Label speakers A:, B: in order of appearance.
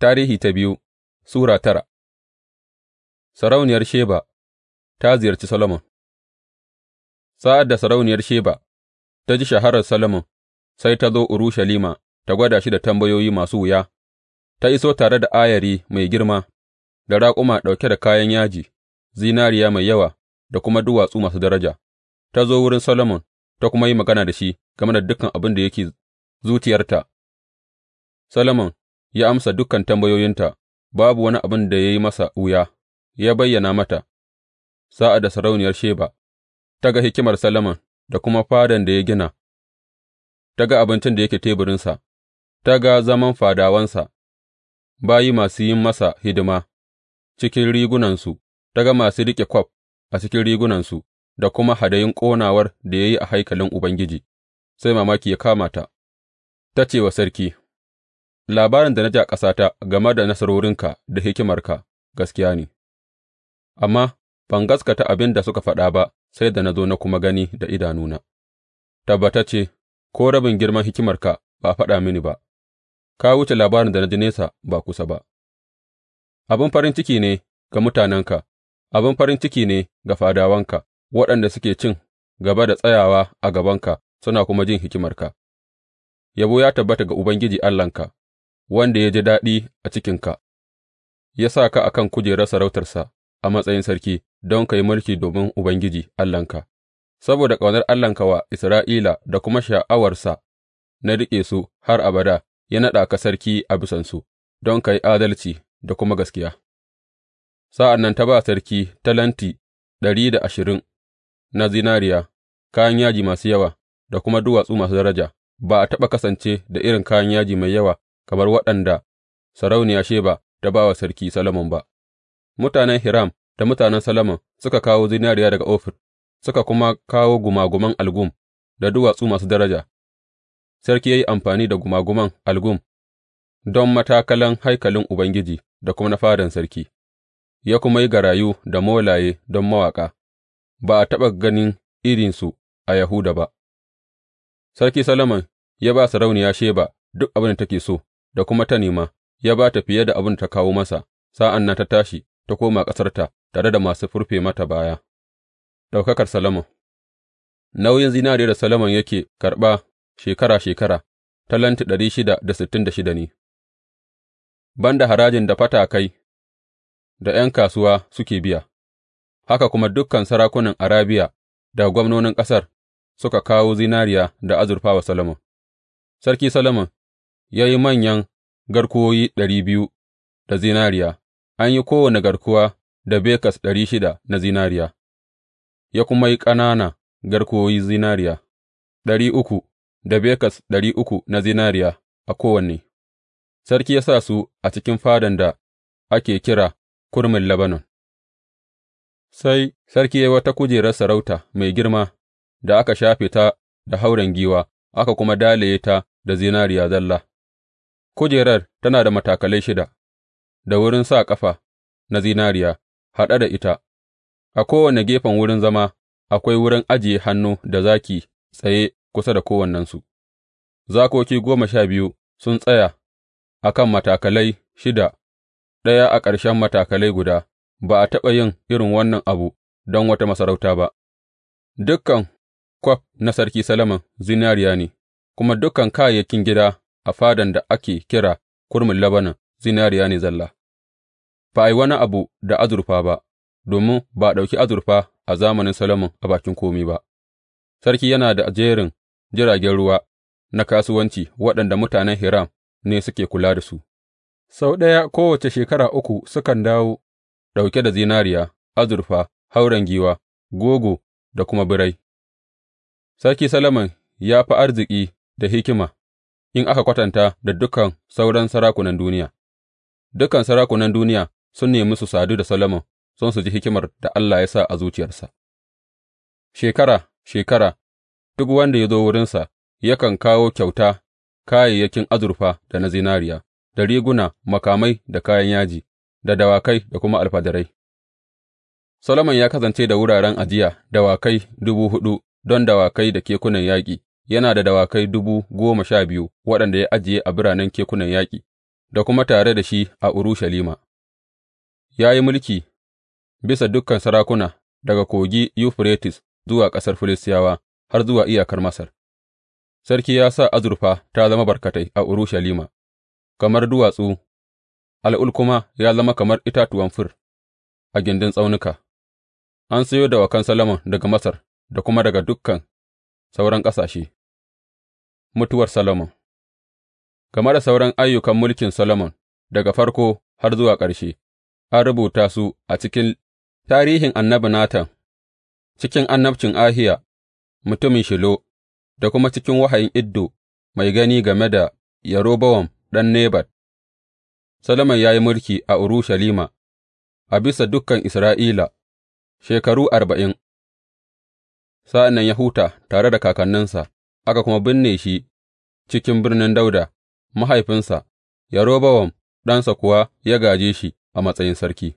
A: Tarihi ta biyu Sura tara Sarauniyar Sheba ta ziyarci Solomon Sa'ad da sarauniyar Sheba ta ji shaharar Solomon, sai ta zo Urushalima ta gwada shi da tambayoyi masu wuya, ta iso tare da ayari mai girma, da raƙuma ɗauke da kayan yaji, zinariya mai yawa da kuma duwatsu masu daraja, ta zo wurin Solomon ta kuma yi magana da shi game da dukan abin da yake zuciyarta. Solomon ya amsa dukan tambayoyinta, babu wani abin da ya yi masa wuya, ya bayyana mata sa'ad da sarauniyar Sheba ta ga hikimar salaman da kuma fadan da ya gina, ta ga abincin da yake teburinsa, ta ga zaman fadawansa, bayi masu yin masa hidima cikin rigunansu, ta ga masu riƙe kwaf a cikin rigunansu da kuma hadayin ƙonawar da ya yi a haikalin Ubangiji, sai mamaki ya kama ta, ta ce wa sarki. Labarin da na ja ƙasata game da nasarorinka da hikimarka gaskiya ne, amma ban gaskata abin da suka faɗa ba sai da na zo na kuma gani da idanuna, tabbatacce, ko rabin girman hikimarka ba a faɗa mini ba, ka wuce labarin da na ji nesa ba kusa ba. Abin farin ciki ne ga mutanenka, abin farin ciki ne ga fadawanka, waɗanda suke cin gaba da tsayawa a gabanka suna kuma jin hikimarka. Yabo ya tabbata ga Ubangiji Allahnka. wanda ya ji daɗi a cikinka, ya sa ka a kan kujerar sarautarsa a matsayin sarki don ka yi mulki domin Ubangiji Allahnka, saboda ƙaunar Allahnka wa Isra'ila da kuma sha'awarsa na riƙe su har abada, ya naɗa ka sarki a bisansu don ka yi adalci da kuma gaskiya. Sa'an nan ta ba sarki talenti ɗari da ashirin na zinariya, kayan yaji masu yawa da kuma duwatsu masu daraja, ba a taɓa kasance da irin kayan yaji mai yawa kamar waɗanda sarauniya Sheba ta ba wa Sarki Solomon ba, mutanen Hiram da mutanen Solomon suka kawo zinariya daga Ofir, suka kuma kawo gumaguman algum da duwatsu masu daraja, sarki ya yi amfani da gumaguman algum don matakalan haikalin Ubangiji da kuma na fadan sarki, ya kuma yi garayu da molaye don mawaƙa, ba a taɓa ganin irinsu a Yahuda ba. Sarki Solomon ya ba sarauniya Sheba duk abin da take so, da kuma ta nema, ya ba ta fiye da abin da ta kawo masa, sa'an nan ta tashi ta koma ƙasarta tare da masu furfe mata baya. Ɗaukakar Salaman. Nauyin zinariya da Solomon yake karɓa shekara shekara, talenti ɗari shida da sittin da shida ne, ban da harajin da fatakai da ’yan kasuwa suke biya, haka kuma dukkan sarakunan Arabiya da gwamnonin ƙasar suka kawo zinariya da azurfa wa Solomon. Sarki Salaman. ya yi manyan garkuwoyi ɗari biyu da zinariya, an yi kowane garkuwa da bekas ɗari shida na zinariya, ya kuma yi ƙanana garkuwoyi zinariya ɗari uku da bekas ɗari uku na zinariya a kowanne. Sarki ya sa su a cikin fadan da ake kira Kurmin Lebanon. Sai sarki ya yi wata kujerar sarauta mai girma da aka shafe ta da hauren giwa, aka kuma dalaye ta da zinariya zalla. Kujerar tana da matakalai shida da wurin sa ƙafa na zinariya haɗe da ita, a kowane gefen wurin zama akwai wurin ajiye hannu da zaki tsaye kusa da kowannensu, zakoki goma sha biyu sun tsaya a kan matakalai shida, ɗaya a ƙarshen matakalai guda, ba a taɓa yin irin wannan abu don wata masarauta ba, Dukkan kwaf na Sarki Solomon zinariya ne, kuma dukkan kayayyakin gida a fadan da ake kira kurmin Lebanon zinariya ne zalla, ba a yi wani abu da azurfa ba, domin ba a ɗauki azurfa a zamanin Solomon a bakin komi ba, sarki yana da jerin jiragen ruwa na kasuwanci waɗanda mutanen Hiram ne suke kula da su, sau ɗaya kowace shekara uku sukan dawo ɗauke da zinariya, azurfa, hauren giwa, gogo da kuma birai. Sarki Solomon ya fi arziki da hikima. in aka kwatanta da dukan sauran sarakunan duniya, dukan sarakunan duniya sun nemi su sadu da Solomon sun su ji hikimar da Allah ya sa a zuciyarsa. Shekara, shekara, duk wanda ya zo wurinsa yakan kawo kyauta kayayyakin azurfa da na zinariya, da riguna, makamai da kayan yaji, da dawakai da kuma alfadarai. Solomon ya kasance da wuraren ajiya dawakai dubu hudu don dawakai da kekunan yaƙi yana da dawakai dubu goma sha biyu waɗanda ya ajiye a biranen kekunan yaƙi, da kuma tare da shi a Urushalima. Ya yi mulki bisa dukan sarakuna daga Kogi Yuferites zuwa ƙasar Filistiyawa har zuwa iyakar Masar. Sarki ya sa azurfa ta zama barkatai a Urushalima, kamar duwatsu, al'ul kuma ya zama kamar itatuwan fir a gindin tsaunuka. An sayo dawakan Salomon daga Masar da kuma daga dukan sauran ƙasashe. Mutuwar Solomon Game da sauran ayyukan mulkin Solomon daga farko har zuwa ƙarshe, an rubuta su a cikin tarihin annabi Natan, cikin annabcin Ahiya mutumin Shilo, da kuma cikin wahayin Iddo mai gani game da Yerobowam ɗan Nebat. Solomon ya yi mulki a Urushalima a bisa dukan Isra'ila shekaru arba'in, sa'an nan ya huta tare da kakanninsa. aka kuma binne shi cikin birnin Dawuda, mahaifinsa, Yerobowam ɗansa kuwa ya gāje shi a matsayin sarki.